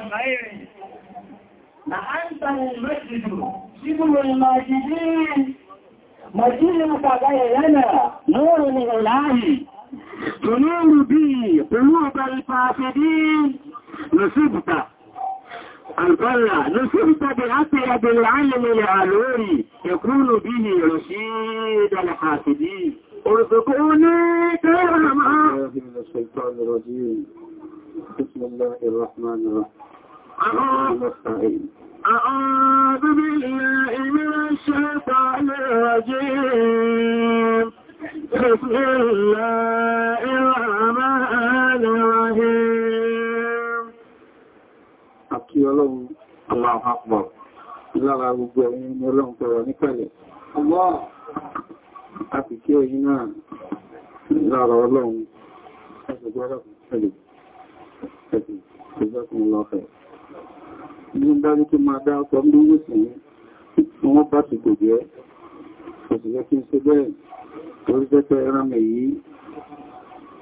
خير لأنت المسجد سبل الماجدين مسجدك غيرنا نور من الله تنور به قلوب الفاسدين نصبت القلة نصبت بأطيب العلم العلوري يكون به رشيد الحاسدين ارزقوني كرما من الشيطان الرجيم بسم الله الرحمن الرحيم أعوذ بالله من الشيطان الرجيم بسم الله الرحمن الرحيم Àkí ọlọ́run, Allahu Akbar, lára gbogbo ẹ̀yìn ni ọlọ́run tọrọ nípẹ̀lẹ̀. Allah! A ti kí ọ̀yí náà lára ọlọ́run, ẹgbẹ̀gbẹ̀ ọlọ́run,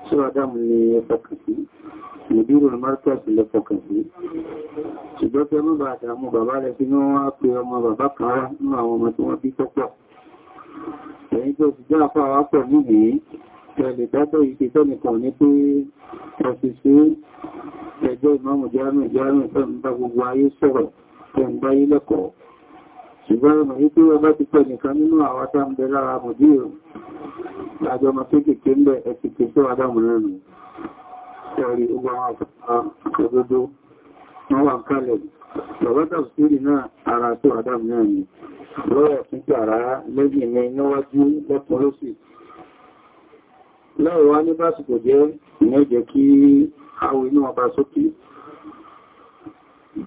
Ṣọ́ràdámù ni ẹfọkàn sí, ìdúrò márùkàsì lẹ́fọkàn sí. Ṣùgbọ́n tẹ́ mọ́ bá àdàmú bàbá rẹ̀ sí ní wọ́n á pè ọmọ bàbá kan rá nínú àwọn ọmọ tí wọ́n bí tọ́pọ̀. Ẹ̀yìn tó ti jẹ́ àfáà wá pọ̀ nínú ẹ̀lẹ̀ dábọ̀ ìṣẹ́ tẹ́nìkan ní pé ọ̀sìsẹ́ ẹjọ́ ìmọ̀mù járùn járùn fẹ́m̀bá gbogbo ayé sọ̀rọ̀ fẹ́m̀bá yí lẹ́kọ̀ọ́ ṣùgbọ́n ọmọ yí pé ọba ti pẹ́ nìkan nínú àwátá ń bẹ lára mọ̀dí ò lájọ́ ọmọ kéèkéé ń bẹ ẹ̀sì kìí sọ adámù lẹ́nu ẹ̀rí ogun àwọn àfẹ́ òdodo wọ́n wà ń kalẹ̀ bàbá tàbí náà ara tó adámù náà ni lọ́wọ́ fún tààrà lẹ́yìn ní níwájú lọ́pọ̀ lọ́rọ̀ wá ní básìkò jẹ́ ìyẹn jẹ́ kí àwọn inú ọba sókè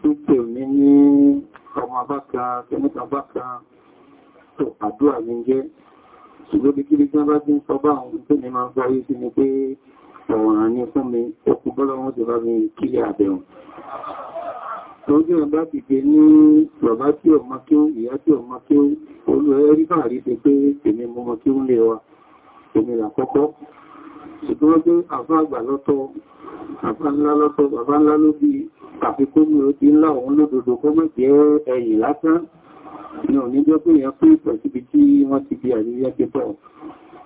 dúpẹ̀ mi ní ọmọ abáka tẹ́mọ́ta abáka tó àdúrà mi jẹ́ ṣùgbọ́n bí kíbi gbọ́n bá tí ń sọ bá àwọn tó ní máa gbọ́ sí ni pé ọ̀wọ̀n ní fún mi ọkù bọ́lá wọn jọba mi kílẹ̀ àbẹ̀wọ̀n tọ́jú ọba pìpé ní bàbá tí ọmọ kí ó ìyá tí ọmọ kí ó olú ìnira kọ́kọ́ ṣùgbọ́n pé àfá àgbà lọ́tọ̀ àfá ńlá lọ́tọ̀ bàbá ńlá ló bí àfikún ó ti ńlá òun lódòdó kọ́ mọ́ jẹ́ ẹ̀yìn lásán ní òní jẹ́ pé èèyàn pé ìpẹ̀ síbi tí wọ́n ti bí àríyá ti pọ̀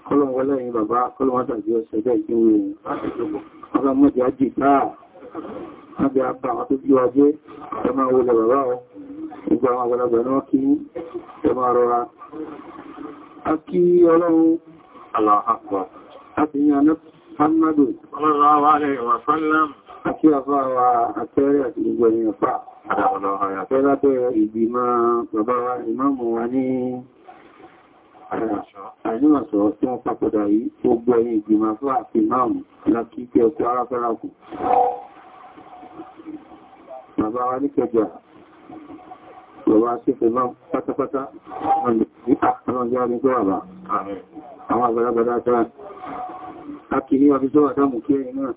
kọ́lọ̀wọ́lẹ́ yìí bàbá kọ́lọ̀wọ́tàbí ọ̀ṣẹ̀dẹ̀ ìdínwó ọba mọ́jì ájì táà lábí apá àwọn tó bí wájé الله أكبر أتنى نفس محمد صلى الله عليه وسلم Àti àfá wa àtẹ́rẹ àti gbogbo ènìyàn fà. Àtẹ́ lábẹ́ ìgbìmọ̀ bàbá ìmáàmù wa ní àìníwàsọ̀ tí wọ́n papọ̀dà yìí gbogbo ẹ̀yìn ìgbìmọ̀ fà àti ìmáàmù láti kí ẹkù aráfẹ́rakù. Bàbá wa ní kẹjà, bàbá sí àwọn àgbàlagbàdá sáà akìrí wa fi sọ́wà dámù kí ẹ̀yìn náà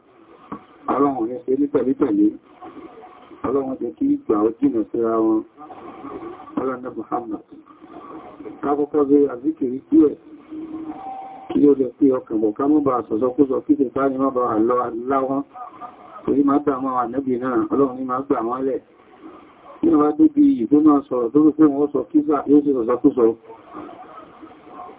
ọlọ́run ní ṣe ní pẹ̀lẹ́pẹ̀lẹ́ ọlọ́run jẹ́ kí ìgbà ó jìnà síra wọn ọlọ́nà Muhammad kákọ́kọ́ bí àzíkìrí díẹ̀ kí ó lè pé ọkàn bọ̀ ká mọ́ bá sọ̀sọ́kúsọ kí lè bá ní mọ́ bá àlọ́ aláwọ́n torí máa gbà mọ́ ànẹ́bì náà ọlọ́run ní máa gbà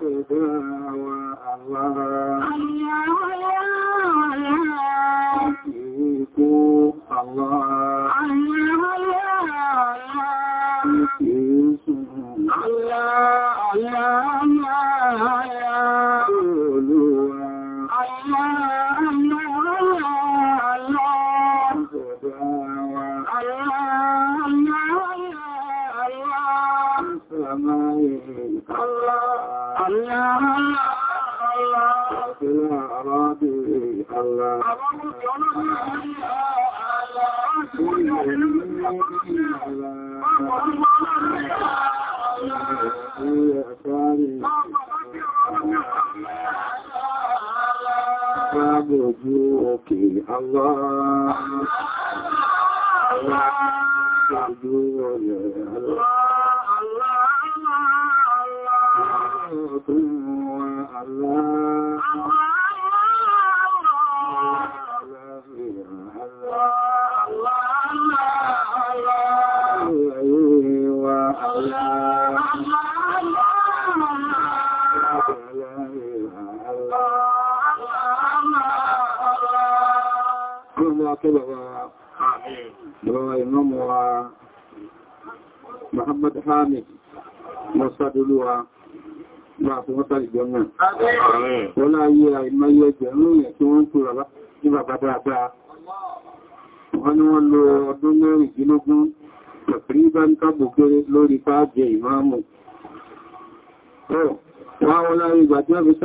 دعوى الله الله الله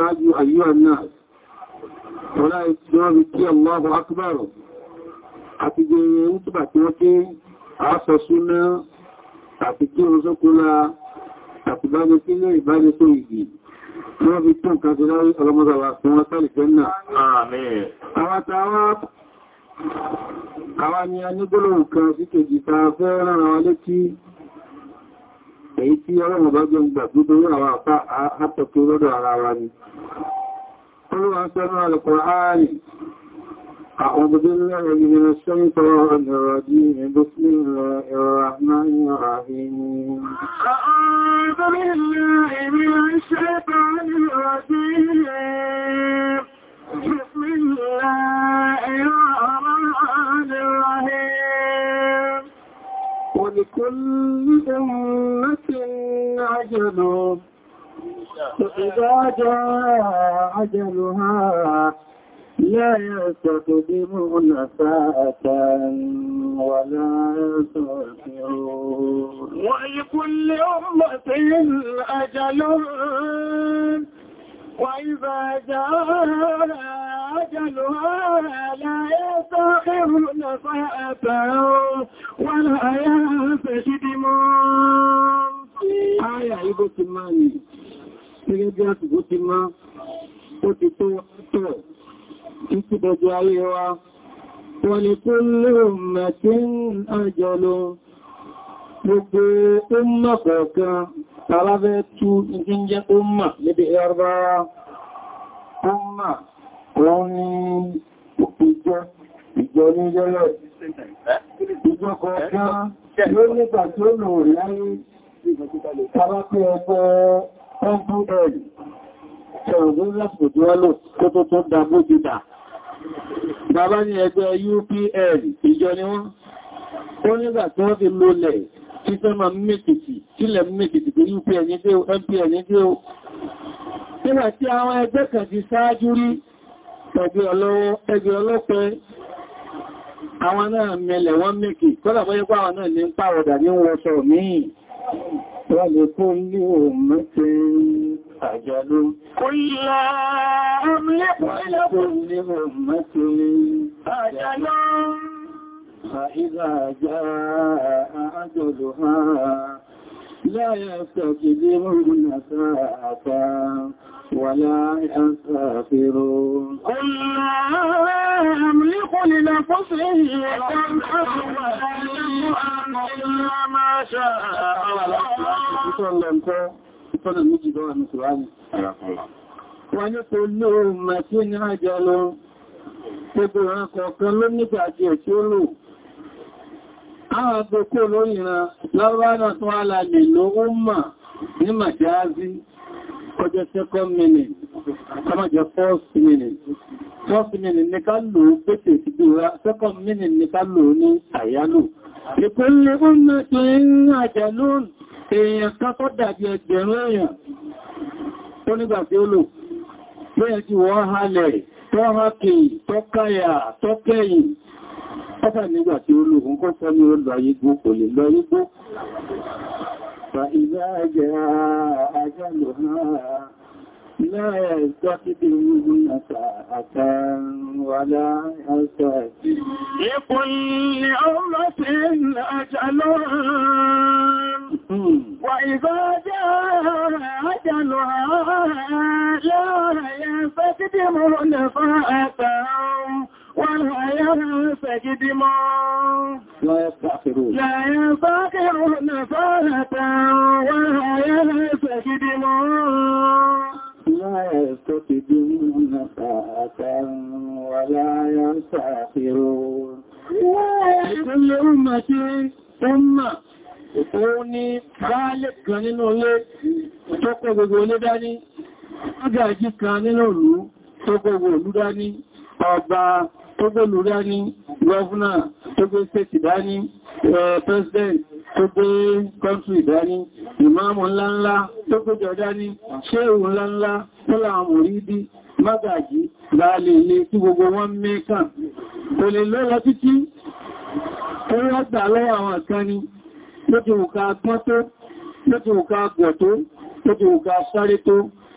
ṣáájú àyíwá náà wọ́lá ìjọ́rí kí Allahu Akbar àti gbẹ̀rẹ̀ mútùbà tí wọ́n kí àásọ súnná àti kí wọ́n sókúnlá àti bájẹ́ kí lẹ́ ìbájẹ́ tó ìgbì wọ́n fi tún kan ti lárí ọlọ́mọ́sàwà nǹkan sí kejì ta èyí tí ọlọ́run bá jẹ́ ìgbà tó torí àwọn àpá àtọ̀kí lọ́dọ̀ ara wa ni olúwa ń sọ́nà alùkùnrin أعوذ بالله من الشيطان الرجيم بسم الله الرحمن الرحيم أعوذ بالله من الشيطان الرجيم بسم الله لكل أمة عجل فإذا جاء عجلها لا يستقدمون ساعة ولا يستغفرون ولكل أمة أجل وإذا جاء أجلها لا يستخرون ساعة ولا يستشدمون Ayà ibò ti máa ní, gẹ́gẹ́ bí àtìgbò ti máa, ó ti tó tọ̀, títí bẹ̀jọ ayé gbogbo ó kọ̀ọ̀kan tàbábẹ́ tú ìdí jẹ́ ọmọ lédè Lárúbáwá ọmọ wọ́n ní ìjọ ìjọ ní jẹ́lẹ̀ ìjọ kọ̀ọ̀kan ló nígbà tí ó lò láyé tàbábẹ́ ọgbọ́ ọgbọ́ ẹ̀rì ṣẹ̀rọ̀gbọ́n lásìkò tí wọ́n lò tó tó tó dábó ti ni wọ́n ó nígbà tí wọ́n fi tí fẹ́ máa mẹ́kìtì sílẹ̀ mẹ́kìtì pé UP ẹ̀yìn dé o MP ẹ̀yìn dé o nígbà tí àwọn ẹgbẹ́ kan ti sáájú rí ẹgbẹ́ ọlọ́wọ́ ẹgbẹ́ ọlọ́pẹ́ àwọn náà mẹ́lẹ̀ wọ́n mẹ́kì kọ́lá bọ́yẹ́pá àwọn náà ní ń pàwọ̀dà ní wọ́sọ míì ولكل أمة أجل قل لا أملك لكل أمة فإذا جاء أجلها لا يستكبرون ساعة ولا يستغفرون قل لا أملك لنفسه وتنحر إلا ما شاء الله Wọ́n tó lóòrùn mẹ́kí ní àjẹ́ lọ, gbogbo ọ̀rọ̀ kọ̀ọ̀kan ló nígbàjẹ́ tí ó lòó àwọn agbókó lórí ìran lọ́rọ̀lọ́ tó wá lálẹ̀ lówó mà ní màjáàzí ọjọ́ second minute kọmọ̀jẹ́ first minute first minute ní ká lò ó pèsè ìdúra second minute ní ká lò ó ní àyálò ìpínlẹ̀ ọ̀nà tó ń àjà lóòrùn èèyàn kan tó dàbí ẹgbẹ̀rún èèyàn tó nígbà tí ó lò lóyẹ̀ tí wọ́n hálẹ̀ tó hákì tó pátá nígbà tí ológun kọ́ sọ ní olú ayégbó kò lè lọ ayégbó فإذا جاء أجلها لا يستخدمون ساعة ولا يستخدمون لكل أمة أجل وإذا جاء أجلها لا يستخدمون ساعة ولا ينسجد ما لا يستأخرون لا يستأخرون ساعة ولا ينسجد ما لا يستقدمون ساعة ولا يستأخرون لكل أمة أمة Òun ni Bálẹ̀ kan nínú ilé tó kọ gbogbo ilé dání, Ágàjí kan nínú ìlú tó kọ gbogbo ìlú dání, ọba tó gbé lórí á ní gọ́ọ̀fúnà tó gbé stéètì dání president tó gbé country dání ìmáàmù ńláńlá tó gbé jọ dání ṣéèrù ńláńlá tó láwọn mòrídí mágàjí láàlè ilé tí gbogbo wọn mẹ́kàn kò lè lọ́lọ́ títí tó rọ́gbà lọ́wọ́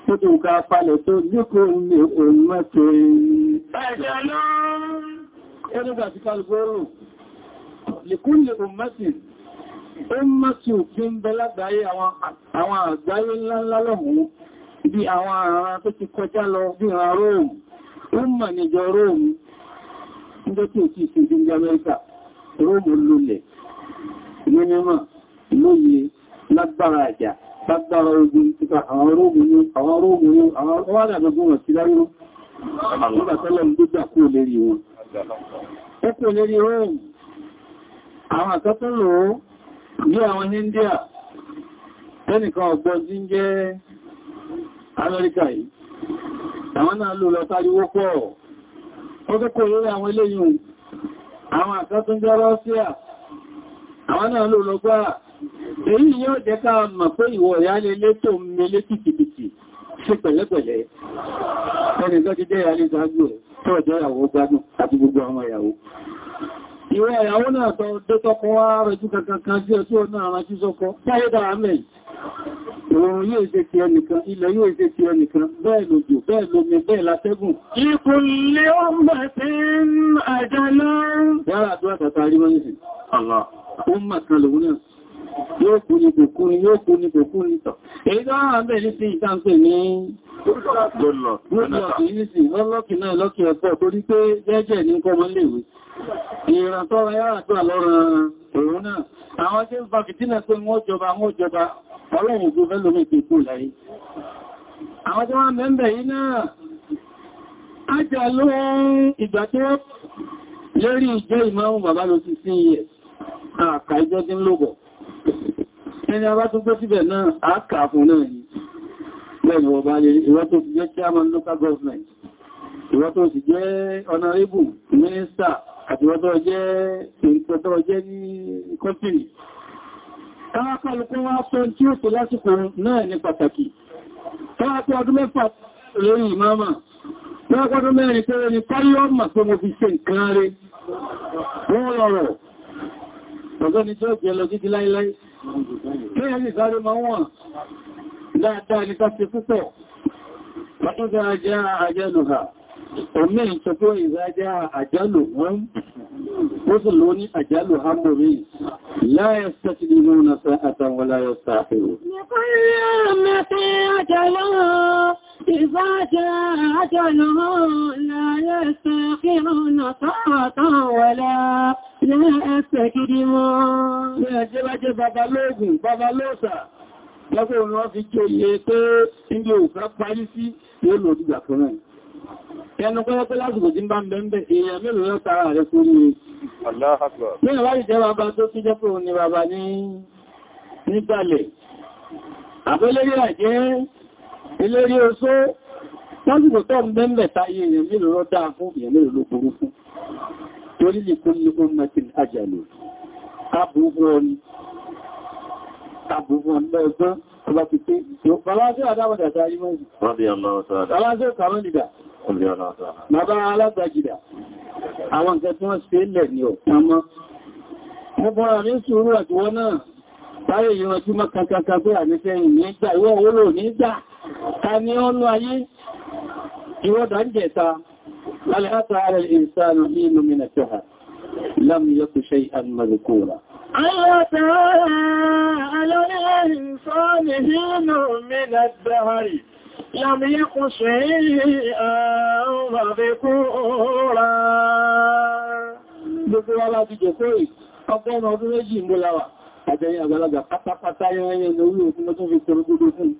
Tókùn ká falẹ̀ tó díkò ní òun mẹ́tẹ̀ ẹ̀ṣẹ̀ náà. Ẹgbẹ́gbà ti kálùgbọ́rùn-ún, lèkún lè òun mẹ́tẹ̀ Ummatu kí ń bẹ lágbàáyé àwọn àgbáyé ńláńlá lọ́hùn bí àwọn àrán tó ti kọjá lọ bí àwọn Rome, lágbára ogun títa àwọn orógun àwọn orógun àwọn wádàgbogbo wọn sí nígbàtẹ́lẹ̀ gbígbà kú lérí wọn ẹkù lérí rome àwọn ní àwọn India tẹ́nìkan ọgbọ́ jí ń jẹ́ Amẹ́ríkà yìí àwọn náà lò èyí yóò jẹ́ ká mọ̀ pé ìwọ̀ ìyálé létò mẹ́lé kìkìkìkì sí pẹ̀lẹ́pẹ̀lẹ́ ẹnìkan ti dẹ́ ìyálé gbágbò tó ọjọ́ ìyàwó gbádùn àti gbogbo àwọn ìyàwó ìwọ̀ ìyàwó náà tọ́ dótọ́kọ́ wá kankan sí ọjọ́ náà náà yóò kú ní kòkú ní yóò kú ní kòkú ní tọ̀. èyí tó wà bẹ̀ ní sí ìtàǹpẹ̀ ní lọ́lọ́kì náà lọ́kì ọ̀pọ̀ torí pé jẹ́jẹ́ ní kọmọ léèwé ìràntọ́ra yára tó àlọ́rọ̀ òun náà àwọn tí ń fa fìtínà pé wọ́n jọba wọ́n jọba ọlọ́run tó fẹ́ lómi ìpè kú láyé àwọn tí wọ́n mẹ́mbẹ̀ yìí náà ájá ló ìgbà tí wọ́n lérí ìjẹ́ ìmáhùn ẹni a bá tó gbé síbẹ̀ náà a kà fún náà ni lẹ́yìn ọba lè ìwọ tó ti jẹ́ chairman local government ìwọ tó ti jẹ́ honorable minister àti ìwọ tó jẹ́ ìpẹ̀tọ́ jẹ́ ní company káwàkọ́lùkún wá sọ tí ó tó lásìkò náà ní pàtàkì káwàkọ́ ọdún mẹ́fà lórí ìmáàmà káwàkọ́ ni káyọ́mà tó mo fi ṣe nǹkan rẹ̀ lọ títí láíláí Mẹ́rin ìgbàrí máa wọ́n dáadáa ní ká ṣe púpọ̀. Wàtúgbà jẹ́ àjẹ́lù ha, omi ìtọ́kọ́ ìzájá àjálù wọn, ó sì lọ ní àjálù ha mọ̀rí láyé sẹ́tìlì ní ọ̀nà sa'àtàwọ̀ láyé sàáfẹ́rò. إذا جاء أجلهم لا يستخرون ساعة ولا Ilé ẹsẹ̀ gidi mọ́ ní ẹjẹ́ bá jẹ́ babalóògùn, babalóòsà, lọ́pọ̀ òun wọ́n fi jẹ́ iye pé ilé òkà parí sí yóò lò dìgbà fún ẹ̀. Ẹnu pẹ́ pẹ́ lásìkò tí ń bá ń bẹ́ ń bẹ́ èèyàn mélòó lọ tara rẹ̀ kú ní Mẹ́rin wá ìjẹ́ bàbá tó tí jẹ́ pé òun ni bàbá ní nígbàlẹ̀. Àbẹ́lérí àjẹ́ ìlérí oṣó lásìkò tó ń bẹ́ ń bẹ̀ táyé èèyàn mélòó lọ dáa fún èèyàn mélòó ló burú torí lè kún ní ọmọtin àjàlù abúgbọ́n abúgbọ́n lọ́gbọ́n tó bá ti pé ìṣẹ́ baláṣẹ́ àdáwọ̀dà sáyé mọ́ baláṣẹ́ kàmọ́nìdà bàbá alágbàjìdà àwọn nǹkan tí wọ́n ṣe lẹ̀ ní ọ̀pá mọ́ mo bọ́ra ní sùúrù àtiwọ́ náà báyẹ̀ ìran tí mọ́ kankan pé àníṣẹ́ ìnígbà ìwọ̀ òwúrò nígbà ta ni ọ́nà ayé ìwọ́dà ń jẹta هل أتى على الإنسان حين من الشهر لم يك شيئا مذكورا هل أتى على الإنسان حين من الدهر لم يك شيئا مذكورا Gbogbo wa láti jẹ́kọ́ ì, ọgbọ́n ọdún méjì ń bó láwà, àjẹyìn àgbàlagbà pátápátá yẹn ní orí òkú lọ́tún fi kọrọ gbogbo fún.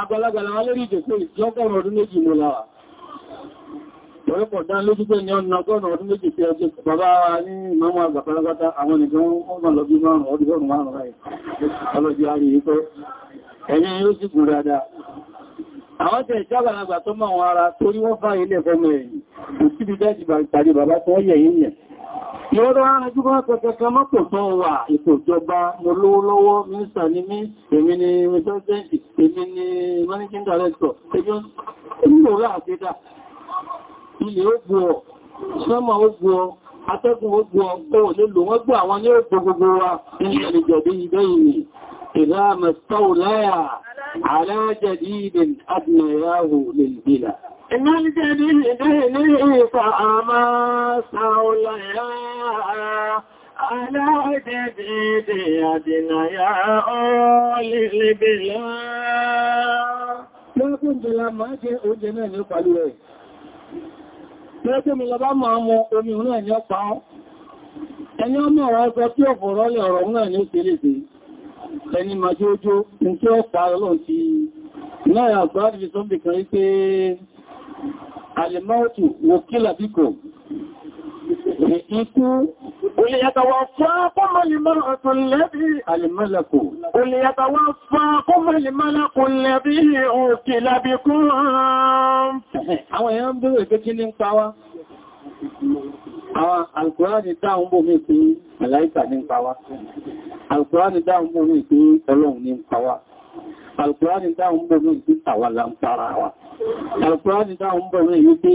Àgbàlagbà láwọn lórí ìjẹ́kọ́ ì, lọ́gbọ́n ọdún méjì ń bó láwà. Ọ̀rẹ́pọ̀ dán lójú pé ní ọdún ọgọ́rùn ọdún méjì tí ọjọ́ bàbá ní ìmọ̀mọ̀ àgbàpárápátá àwọn nìkan ọmọ lọ bí márùn ọdún ọdún márùn ráì ọlọ́jọ́ àrí ipẹ́ ẹni yóò sì gùn dáadáa. Àwọn tẹ̀ ìjábà àgbà tó mọ̀ wọn ara torí wọ́n fà ilẹ̀ fọmọ ẹ̀yìn kò síbi dájì pàdé bàbá tó yẹ̀ yìí yẹ̀. wà ètò mo lówó lọ́wọ́ mínísà ní mí, èmi ni Mẹ́tọ́jẹ́, èmi ni Managing Director, èmi ò rá àgbédà ilẹ̀ ó gbọ́ ọ̀ sọ́mà ó gbọ́ ọ atẹ́gùn ó gbọ́ ọ lélo wọ́n gbọ́ àwọn ní òpó gbogbo wa ní ẹlẹ́jẹ̀dí ìdẹ́yìn ìdá mẹ́sàúláyà alájẹ̀dídìn adìnàyàwó lèlbìlà Ìnájẹ́dín ìdẹ́yìn ìfà àmà sàúláyà alájẹ̀dídìn adìnàyàwó lèlbìlà Lọ́jọ́ Ẹni ọmọ ọ̀rọ̀ ẹgbẹ́ tí ọ̀fọ̀ rọ́lẹ̀ ọ̀rọ̀ òun ní ó tẹ́lẹ̀ sí. Ẹni máa jó jó ní tí ọpa ọlọ́run ti láyà àgbáàdì fi sọ́bì wípé Àlèmọ́ọ̀tù wòkílà bíkò ikú وليتوفاكم المرأة الذي الملك وليتوفاكم الملك الذي أوكل بكم àwọn èèyàn ń bèèrè pé kí ní ń pa wá àwọn alkùránì dáhùn bò mí pé màláìkà ní ń pa wá ọlọ́run ní ń alkùránì dáhùn bò mí pé tàwà lámpára wa alkùránì dáhùn bò mí pé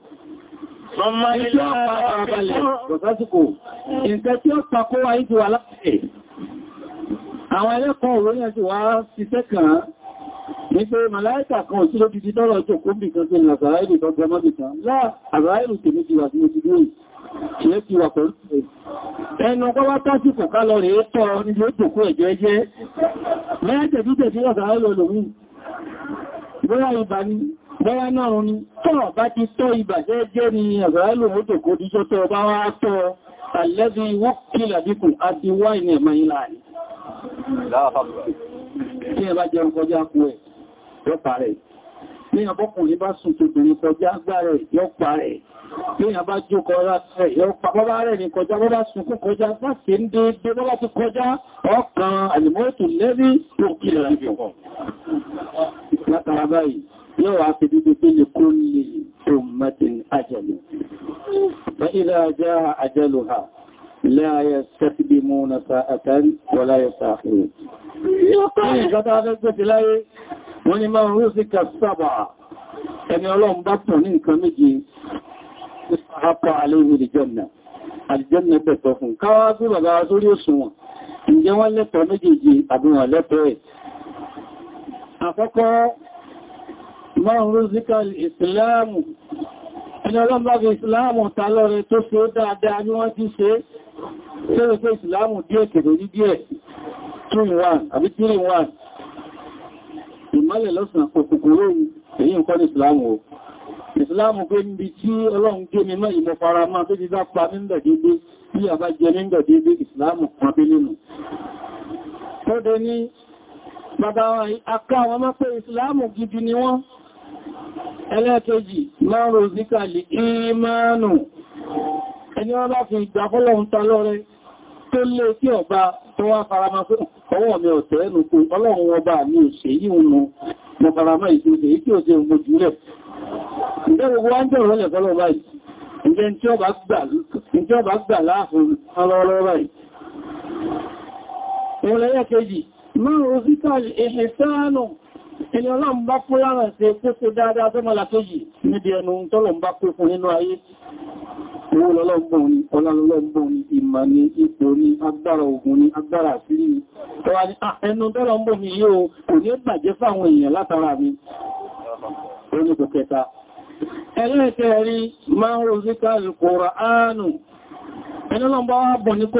Àwọn ẹlẹ́kọ̀ọ́ òróyìn ẹ̀sì wá ṣiṣẹ́ kàn án ní pé màláìkà kan ò sí ló dìdí tọ́rọ ọjọ́ kó bì kan tẹ́lẹ̀ àzàráìlù tọ́gbọ́ mọ́bì kan láà àzàráìlù tèmi ti wà sí ojú lórí tí é ti wà pẹ̀lú ẹnu ọgbọ́wá tásìkò ká lọ rèé tọ́ níbi ó jòkó ẹ̀jọ́ ẹjẹ́ mẹ́ẹ̀tẹ̀bí tẹ̀bí àzàráìlù ọlọ́run bọ́wá náà òun ni tọ́ọ̀ bá ti tọ́ ibà jẹ́ jẹ́ ni ẹ̀rọ mọ́tò kò díjọ́ tọ́ bá wá tọ́ àlẹ́bí wọ́kílà bíkù àti wá ìní ẹ̀mọ̀ ìlà rí tí ẹ bá jẹun kọjá kú ẹ̀ yọ́ parẹ́ ní ọbọ́kùnrin bá sùn tòbìnrin kọjá gbáre yọ́ parẹ́ ní àbá jó kọjá rẹ̀ yọ́ pàpọ́bá rẹ̀ ní kọjá bọ́bá sunkún kọjá bá sí ń dédé bọ́bá ti kọjá ọkàn àlìmọ́tò lẹ́rí òkìlẹ̀ rẹ̀ yóò wá fi dídí pé lè kó lè ummatin ajalu fa idha jaa ajaluha la yastaqdimuna sa'atan wa la yasta'khirun wọ́n ni máa rú sí kàṣàbà ẹni ọlọ́run bá tàn ní nǹkan méje àpọ̀ àlèyìn ìjọ́nà àjọ́nà pẹ̀tọ̀ fún káwàá bí bàbá sórí ǹjẹ́ wọ́n lẹ́tọ̀ọ́ méjèèjì àbúwọ̀n lẹ́tọ̀ọ́ ẹ̀ àkọ́kọ́ mọ́rún rúzíkà ìsìláàmù ẹni ọlọ́mbàgbé ìsìláàmù tàlọ́rẹ tó ṣe ó dáadáa ní wọ́n ti ṣe ṣẹ́rẹ̀ pé ìsìláàmù díẹ̀ kèrò ní díẹ̀ 2-in-1 àbí 3-in-1 ìmọ́lẹ̀ lọ́sàn kòkòrò èyí nǹkan ní mọ́ pé ìsìláàmù gidi ni wọ́n ẹlẹ́kẹ́jì máa rò síkàlì ìmánù ẹni wọ́n bá fi ìgbàfọ́lọ̀ ń ta lọ́rẹ tó lé sí ọba tó wá farama fún ọwọ́ mi ọ̀tẹ́ ẹnu kú ọlọ́run ọba mi ò ṣe yí unu mo farama ìgbòsè yí tí ó ṣe mo jùlẹ̀ ǹjẹ́ gbogbo wá ń bẹ̀rẹ̀ lẹ̀ fọ́lọ́ báyìí ǹjẹ́ ní tí ọba gbà láàfin ọlọ́rọ̀ báyìí ìrẹ̀lẹ́kẹ́jì máa rò síkàlì ìṣẹ́sánù ẹni ọlọ́run bá kó lára ṣe pépé dáadáa tó mọ́lá tó yìí níbi ẹnu tọ́lọ̀ bá pé fún nínú ayé owó lọ́lọ́gbọ̀n ni ọlọ́lọ́gbọ̀n ni ìmà ni ipò ni agbára ogun ni agbára àṣírí ni tọ́wà ní ah, ẹnu tọ́lọ̀ ń bò ní yíò kò ní bàjẹ́ fáwọn èèyàn látara mi orí kò kẹta ẹlẹ́ẹ̀kẹ́rí máa ń rojú ká alùkùránù ẹni ọlọ́mbá wá bọ̀ ní kó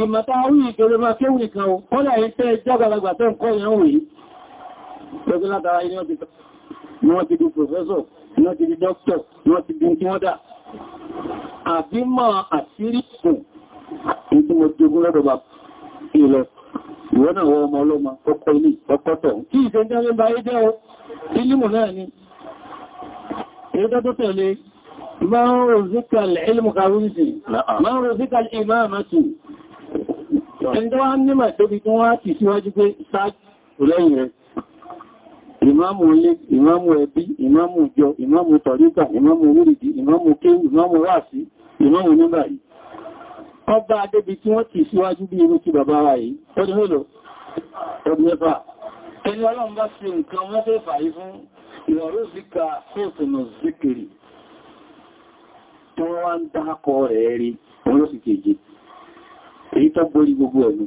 Ìmọ̀ta orí ìṣòro máa kéwù nìkan o, kọ́ láì tẹ́ jọ́gbàlagbà tẹ́ ń kọ́ ìyàn wèé. Pẹ̀lú látara ilé ọ̀tí ni wọ́n ti di professor, ni wọ́n ti di doctor, ni wọ́n ti di kí wọ́n dà. Àbímọ̀ àṣírí kù, èyí tí mo jogún lọ́dọ̀ bá ìlọ. Ìwọ́n náà wọ́n ọmọ ọlọ́mọ, ọkọ̀ ilé, ọkọ̀ tọ̀. Kí ìṣẹ́ jẹ́ ما رزق العلم كرزي ما رزق الإمامة عندما أنما تبقواتي سواجب ساج وليه ìmáàmù ilé ìmáàmù ẹbí ìmáàmù ìjọ ìmáàmù tọ̀ríkà ìmáàmù orílẹ̀-èdè ìmáàmù kéwù ìmáàmù wáàsí ìmáàmù nígbà yìí ọba adébi tí wọ́n ti síwájú bí irú ti bàbá wa yìí ọdún mélòó ọdún tí wọ́n wá ń dákọ rẹ̀ rí wọ́n ló sì kéje èyí tó gbórí gbogbo ẹ̀nu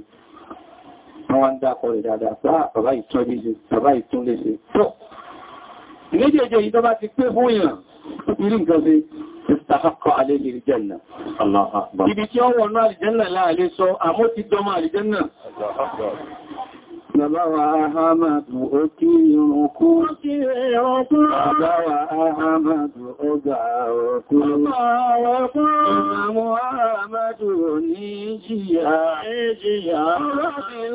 wọ́n wá ń dákọ rẹ̀ dáadáa bàbá ìtọ́lẹ́sẹ bàbá ìtọ́lẹ́sẹ tó méjèèjì èyí tó bá ti pé fún èèyàn irú nǹkan sí ìtàkọ́ alẹ́ lè jẹ́nà ibi tí ó wọnú àlìjẹ́nà láàlẹ́ sọ Bàbáwà Ahamadu ó kí irun kú. Bàbáwà Ahamadu ó gbà ọkú. Ìmàmù Ahamadu ò ní jìyà èjìyà.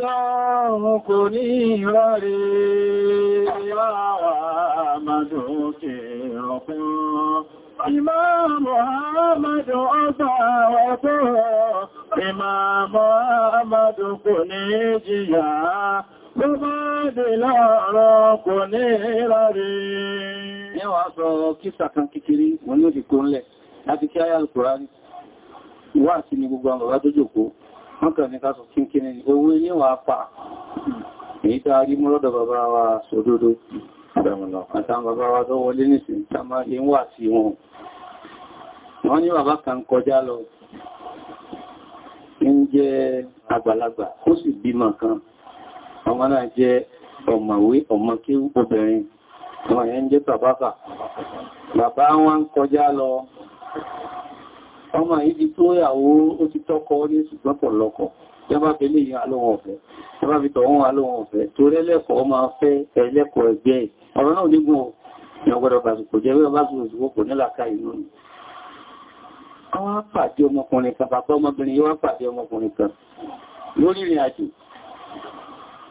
Láti kò ní ìrọ̀rẹ̀. Bàbáwà Ahamadu ó kí irun kú ìmàmọ́ àmàdù kò ní jìyà ló bá dè láàrọ kò ní rárí. Níwà sọ kísà kan kékeré wọn ní òdìkó ńlẹ̀ láti kí ayá Al-Kùránì. Ìwà àti ni gbogbo àwọn bàbá tó jòkó, wọ́n kàn ní ká sọ kínkínní owó ilé wà pa. Èyí tá a rí mọ́lọ́dọ̀ bàbá wa sòdodo. Àtàwọn bàbá wa tó wọlé nìsìn, tá wà sí wọn. Wọ́n ní bàbá kan kọjá lọ, ń jẹ́ àgbàlagbà ó sì bímọ kan àwọn náà jẹ́ ọ̀mọ̀wé ọ̀mọ̀kéwú obìnrin àwọn yẹn jẹ́ tàbákà bàbá wọn ń kọjá lọ ọmọ ìdí tó yàwó ó ti tọ́kọ ní ṣùgbọ́n pọ̀lọ́kọ̀ yọba fi lè yàn alóhun ọ̀fẹ́ yọba fi tọ̀wọ́n alóhun ọ̀fẹ́ tó rẹ́lẹ́kọ̀ọ́ máa fẹ́ àwọn pàdé ọmọkùnrin kan pàpá ọmọbìnrin yíwá pàdé ọmọkùnrin kan lórí ìrìn àjò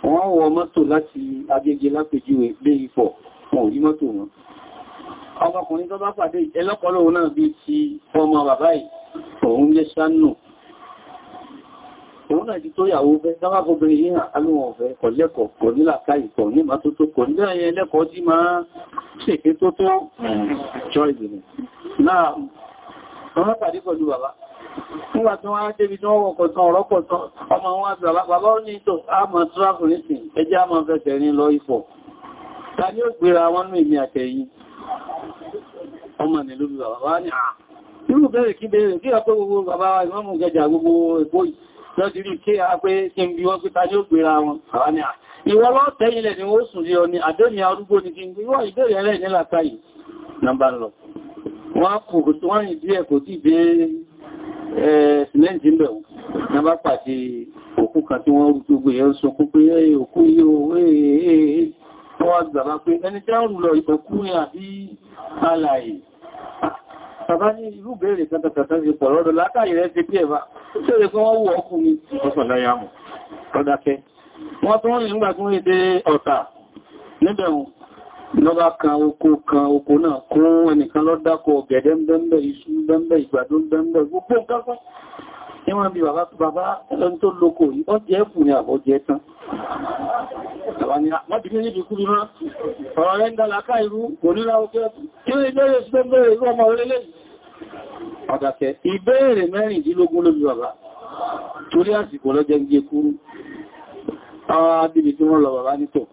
wọ́n wọ mọ́tò láti Agége lápèjúwe dé Ifọ̀ wọn ò rí mọ́tò wọn ọmọkùnrin tó bá pàdé ẹlọ́pọ̀lọ́wọ́ náà bí ti ọmọ bàbá yìí òun jẹ́ sánù òun náà ti tó yàwó fẹ́ sábábobìnrin yíhà alóhùn ọ̀fẹ́ kọ̀ lẹ́kọ̀ọ́ kọ̀ nílà káyì kọ̀ ní máa tó tó kọ̀ nílà ẹ̀yẹ lẹ́kọ̀ọ́ tí máa ṣèké Àwọn pàdé pẹ̀lú bàbá. Nígbà tí wọ́n á débi tí wọ́n wọ̀kọ̀ tán ọ̀rọ̀ pọ̀ tán, ọmọ wọn àti bàbá, bàbá ó ní a mọ̀ tíráfù nìsìn, ẹjẹ́ a mọ̀ fẹsẹ̀ rí lọ ìfọ̀. Ta ni ó gbéra wọn ní ìmì àtẹ̀yìn? Ọmọ nìlú bí bàbá wá ní àà. Irú bẹ̀rẹ̀ kí bẹ̀rẹ̀ kí ọpẹ́ gbogbo bàbá wa ìmọ́mù gẹjà gbogbo èkó a pé kí n bí wọ́n pé ta ni ó gbéra wọn, bàbá ní àà. Ìwọ́ lọ́tẹ̀yìn lẹ̀ ni ó sùn lé ọ ni, àdó ni arúgbó ni kí n gbé, ìwọ́ ìbẹ̀rẹ̀ rẹ̀ nílàkà yìí, nàbà lọ wọ́n kò tó wọ́n rìn díẹ̀ kò tí dé ẹ̀ẹ́sìmẹ́ntì mẹ́wọ̀n na bá pàdé òkú kan tí wọ́n rútú gbé ẹ̀rùn sọ pé òkú yóò wọ́n wá gbàbá pé ẹni tí a ń lọ ìkọkú ní àbí alàyè bàbá ní irú bèèrè kàtàkàtà sí pọ̀ lọ́dọ̀ látàrí rẹ̀ ti pẹ́ bá tí ó rẹ̀ pé wọ́n wọ́ ọkùnrin ọ̀sọ̀láyàmù ọ̀dákẹ́ wọ́n lọ́bá kan oko kan oko náà kó ẹnìkan lọ dákọ̀ ọ̀gẹ̀dẹ̀ bẹ́m̀bẹ̀ iṣu bẹ́m̀bẹ̀ ìgbàdo bẹ́m̀bẹ̀ gbogbo nǹkan níwọ̀n bí bàbá tó bàbá ẹlọ́n tó lókò yìí ó jẹ́ ẹ̀kùn ni àbọ̀ jẹ́ tán àwọn ni ah, mọ́bí ní ibi kúrú rán ọ̀rọ̀ rẹ̀ ń dálàká irú kò nílá oké kí ó ilé yóò sílẹ̀ mẹ́rẹ̀ irú ọmọ orílẹ̀ ọ̀dàkẹ́ ìbéèrè mẹ́rìndínlógún lóbi bàbá torí àsìkò lọ́jẹ́ ń gé kúrú àwọn abìnrin tí wọ́n lọ bàbá nítọ̀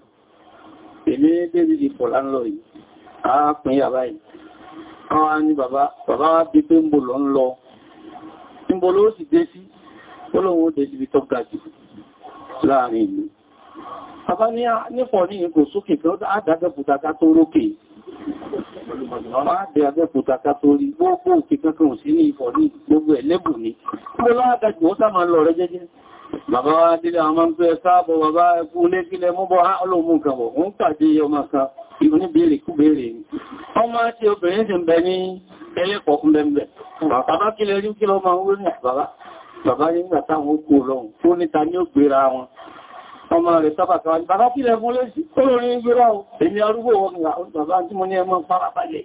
èmi débi ìpọ̀ lánlọ yìí arápin yàbá yìí wọ́n wá ní bàbá bàbá wá bí pé ń bò lọ ń lọ ń bò ló sì dé sí olóhun ó dé síbi tó ga jù láàrin ìlú bàbá nífọ̀ ní ìkò sókè pé ó dágbẹ́kùta ká tó rókè Máàdé abẹ́kùta ká tó ìfọ̀ ní gbogbo ẹ̀lẹ́bù ní. Gbogbo láàdájú Bàbá wa nílé àwọn tó ẹ sáàbọ̀ bàbá ẹkú lé kílẹ̀ mú bọ́ ọlọ́mù kàwọ̀, ń pàdé ọmọ kan, ìbò ní bèèrè kú bèèrè. Ọmọ tí obìnrin sì ń bẹ ní ẹlẹ́pọ̀ ń bẹ̀m̀bẹ̀. Bàbá kílẹ̀ rí kílọ máa wó ní bàbá. Bàbá ní ìgbà táwọn ó kú lọ́hùn, tó níta ní fún lé sí, ó lórí gbéra ọ̀. Èmi arúgbó wọn, bàbá tí mo ní ẹmọ farabalẹ̀.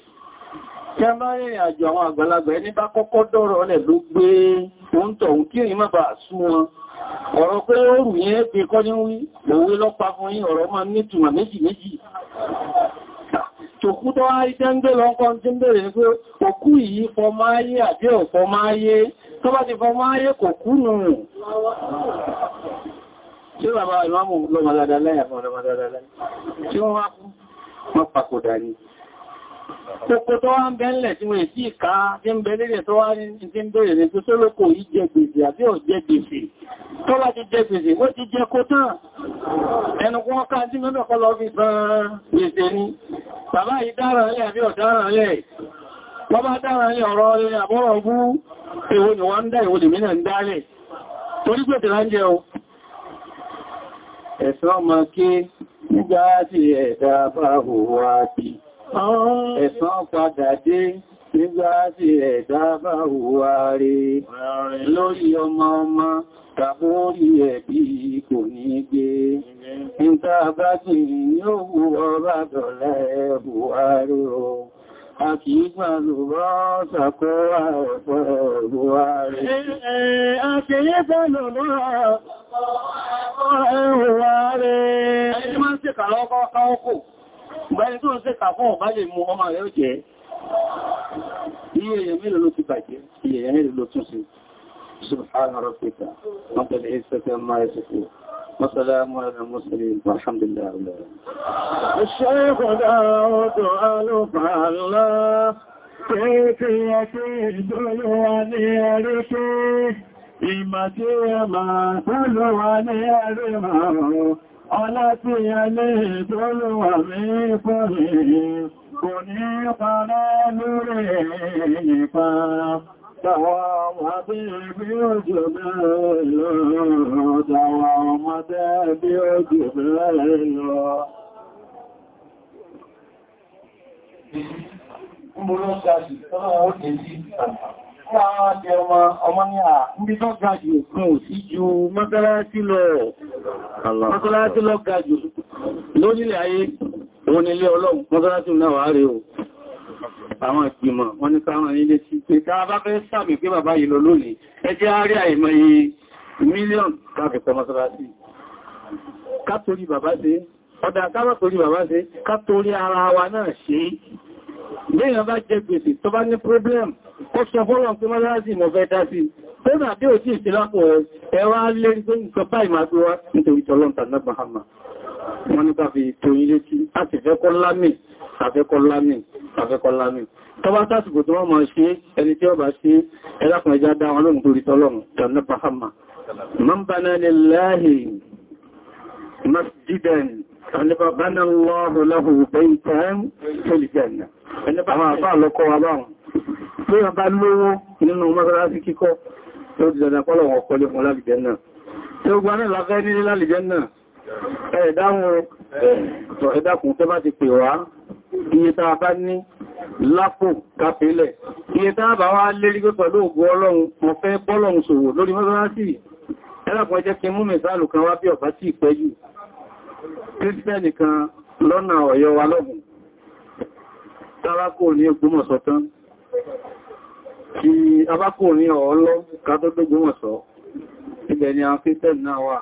tí a bá rẹ̀ àjò àwọn àgbàlagbà ẹni bá kọ́kọ́ dọ́rọ̀ ọ̀lẹ̀ ló gbé oún tọ̀hún kí èyí má bà sú wọn ọ̀rọ̀ pé ó rù yẹn pé kọ́ ní wí òwe lọ́pa fún yí ọ̀rọ̀ máa nítumà méjì méjì tòkú tó wáyé tẹ́ ń gbé lọ́nkọ́ tí ń bèèrè pé òkú yìí fọmọ ayé àbí ọ̀fọmọ ayé tó bá ti fọmọ ayé kò kú nù bàbá ìmáàmù lọ́mọdádá lẹ́yìn àfọmọdádá lẹ́yìn Kòkò tó wá ń bẹ ńlẹ̀ tí wọ́n èsì ìká tí ń bẹ lérè tó wá ní tí ń bèèrè ní tó sólókò yìí jẹ gbèsè àbí ò jẹ gbèsè. Tó bá ti jẹ gbèsè, ó ti jẹ kó tán. Ẹnukún ọká tí mẹ́bẹ̀ kọ́ lọ fi san gbèsè ni. Bàbá yìí dáràn lẹ́ àbí ọ̀dáràn lẹ́. Wọ́n bá dáràn lẹ́ ọ̀rọ̀ ẹ̀san padà dé nígbà tí ẹ̀dá bá hùwà rí lórí ọmọ ọmọ tàbí orí ẹ̀bí kò ní gbé nígbà bá jì ní òwú ọba dọ̀lá ẹ̀hùwà rí a kì í gbà lùrọ́ ṣàkọ́ àẹ̀fọ́ ẹ̀hùwà rí a Ìgbàni tó ń ṣe kà fún ọ̀bá lè mú ọmọ rẹ̀ ó jẹ́. Iye èèyàn mélòó ló ti bàjẹ́, iye èèyàn mélòó ló tún sí. Subhana ìmọ̀ tí ẹ máa tọ́lọ́wà ní ẹ̀rẹ́ máa rọ̀ Ọlọ́pí ẹlẹ́ ìtọ́lùwà mí fún mi, kò ní parẹ́ lórí ìpa, tàwà ọmọdé bí ojú bẹ́ẹ̀ lọ, tàwà ọmọdé bí ojú bẹ́ẹ̀ sí, tọ́lọ́wọ́ Wọ́n nílé ọlọ́run, mọ́sánásí náà wà rí o. Àwọn ìgbìmọ̀ wọn ní káwọn ilé tí pé ká bá fẹ́ sàmì pé bàbá yìí lọ lónìí, ẹjẹ́ àárí àìmọ̀ yìí mílíọ̀n káàkẹ̀ẹ́ mọ́sánásí. Ká torí bàbá ṣe, ọdá ká bá torí bàbá ṣe, ká torí ara wa náà ṣe. Bí ó sọ fọ́lọ̀ pé mọ́lásì mọ̀ fẹ́ dásí tó náà bí ò tí ìsìlápò ẹwà lé gbé nǹkan páì máa tó wá nítorí tọ́lọ́ntà náà bahama wọ́n nípa fi tó ilé tí a sì fẹ́ kọ́ lámì àfẹ́kọ́ lámì àfẹ́kọ́ lámì tọba tásìkò tó wọ́n máa ṣe ẹni tí ó bá ṣe ẹlákùn ẹja dá wọn lóhun torí tọ́lọ́ntà náà bahama man bana lillahi masjidan Àníbà bá náà lọ́rùn lọ́hùn bẹ́ẹ̀ tán tó lè jẹ́ ẹ̀nà. Ẹni bá máa bá lọ́kọ́ wa báwọn pé ọba lówó nínú mọ́sálásí kíkọ́ tó ti dọ̀dà pọ́lọ̀ wọn kọlé fún lálìjẹ́ náà tí ó gbaná láfẹ́ nílé lálìjẹ́ náà ẹ̀ẹ̀dákùn tẹ́ bá ti pè wá iye tá a bá ní lápò kápẹ́lẹ̀ iye tá a bá wá lérí pé pẹ̀lú ògùn ọlọ́run mo fẹ́ bọ́lọ̀run ṣòwò lórí mọ́sálásí ẹlẹ́kùn ẹjẹ́ kí mú mẹ́sàlù kan wá bí ọ̀fá tí ìpẹ́jù kírísítẹ́nì kan lọ́nà ọ̀yọ́ wa lọ́gùn tára kò ní Ògbómọ̀ṣọ́ tí abákùnrin ọ̀ọ́lọ́ kátọ́gbógún ọ̀sọ́ ibẹ̀ ni àwọn christian náà wà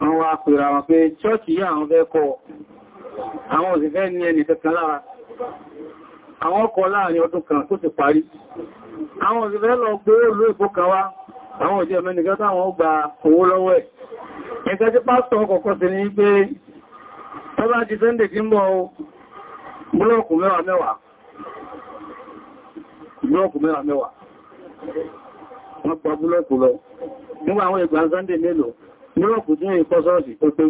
wọ́n wá pèrà wọn pé chọ́ọ̀kì yà àwọn fẹ́ kọ́ àwọn òsìfẹ́ ní ẹni kẹkàn lára àwọn ọkọ̀ láàrin ọdún kan tó ti parí àwọn òsìfẹ́ lọ gbé olú èkó kan wá àwọn òjẹ́ mẹ́nìkan táwọn gba owó lọ́wọ́ ẹ̀ ẹ̀kẹ́ tí pásítọ̀ ọkọ̀ọ̀kọ́ sí ní pé tọ́bá ti sunday tí ń bọ̀ blọ́ọ̀kù mẹ́ra mẹ́wàá wọ́n pa búlọ́ọ̀kù lọ nígbà àwọn ìgbà sunday mélòó blọ́ọ̀kù tí wọ́n kọ́ sọ́ọ̀sì tó pé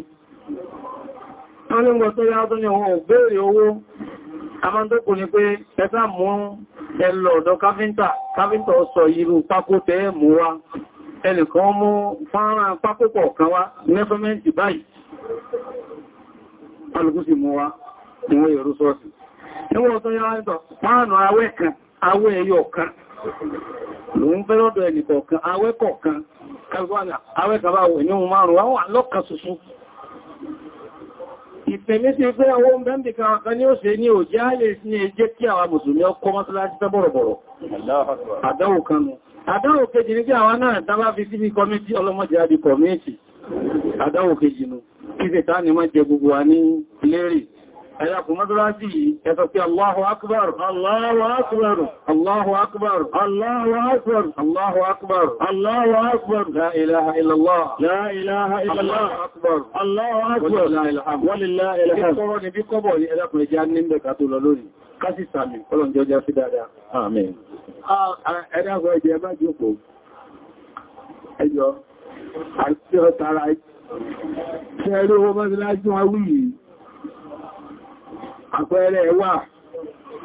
wọ́n ní gbọ́ tó yá ọdún ni wọ́n béèrè owó amọ́ndókù ni pé ẹta mú ẹlọ ọ̀dọ̀ káfíntà káfíntà sọ irú pákó tẹ́ mú wa ẹnìkan mú fọ́nrán pákó kọ̀ọ̀kan wá nẹ́fẹ́mẹ́ntì báyìí alùkú sì mú wa ni wọ́n yẹ̀rú awẹ́ ẹyọ kan lòun fẹ́ lọ́dọ̀ ẹni kọ̀ọ̀kan awẹ́ kọ̀ọ̀kan awẹ́ kan báwọ̀ ẹ̀yìn ohun márùn-ún àwọn alọ́kan ṣoṣo ìfẹ̀mí sí pé àwọn bẹ́m̀bì kan ní ó ní òjá lè ní ẹjẹ́ kí àwọn mùsùlùmí ọkọ̀ mọ́sálásí tẹ́ bọ̀rọ̀bọ̀rọ̀ àdáwò kanu àdáwò kejì ní kí àwọn náà dábá fi sí kọmítí ọlọ́mọdé àdì kọmítì àdáwò kejì nù kí ni má jẹ gbogbo wa ní ẹ̀yàkù mọ́dúrásí ẹ̀tọ́ pé Allahu Akbar, Allahu Akbar, Allahu Akbar, Allahu Akbar, Allahu Akbar, Allahu Akbar, La ilaha illallah, La ilaha illallah, Allahu Akbar, Walillahi alhamd. Ìkọrọ ni bí kọ́bọ̀ ni ẹ̀dàkùn ẹja ní mẹ́ka tó lọ lónìí, kásì sàmì, ọlọ́n jọ já sí dáadáa. Amen. Ẹ̀dàkùn ẹjẹ ẹbá jókòó. Ẹjọ́, àti àpẹẹrẹ wà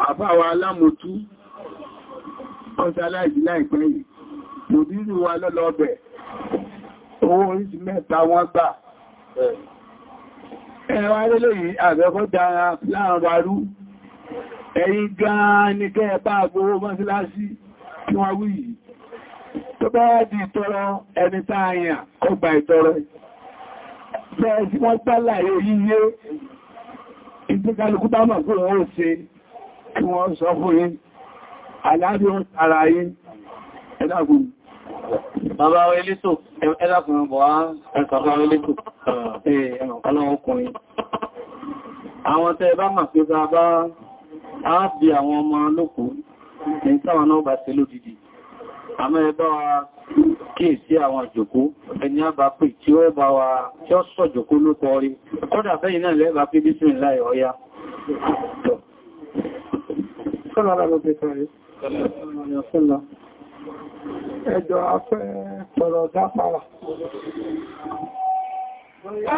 àbáwà alámòtú ọ̀sáláìsì láìpẹ́ yìí mòdírù wa lọ́lọ́ọ̀bẹ̀ owó oríṣi mẹ́ta wọ́n gbà ẹwà lélẹ̀ yìí àbẹ́kọ́ dára láàrínwárú ẹ̀yìn gan ní kẹ́ẹ̀bá agbówó mọ́síláṣí kí wọ́n wí yìí tó bá di ìtọrọ ẹni táàyàn kọgbà ìtọrọ Fẹ́ẹ̀ tí wọ́n gbá láàrin yíyé ìpínkalùkú bá mọ̀ pé wọ́n ṣe kí wọ́n sọ fún yí aláàrí ara yí ẹ̀dàgùn bàbá elétò ẹ̀dàgùn bọ̀ á ẹ̀sàfà elétò ẹ̀rọ̀kọ́lọ́wọ́ ọkùnrin àwọn tẹ́ bá mọ̀ pé bàbá á bí àwọn ọmọ lókùn ní sáwọn náà bá ṣe lódìdì àmọ́ ẹ̀bá kíì sí àwọn àjòkó ẹni àbá pè tí ó bá wa tí ó sọ̀jòkó ló kọ rí kọ́dà fẹ́yìn náà lẹ́bàá pé bí sínú láì ọya Ẹjọ́ afẹ́ tọrọ dápàrà. Ìyá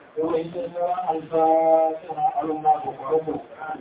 Ìwé ìṣẹ́lẹ̀ alfáà tí wọ́n alùmọ́ àkọ̀kọ̀ ọgbọ̀.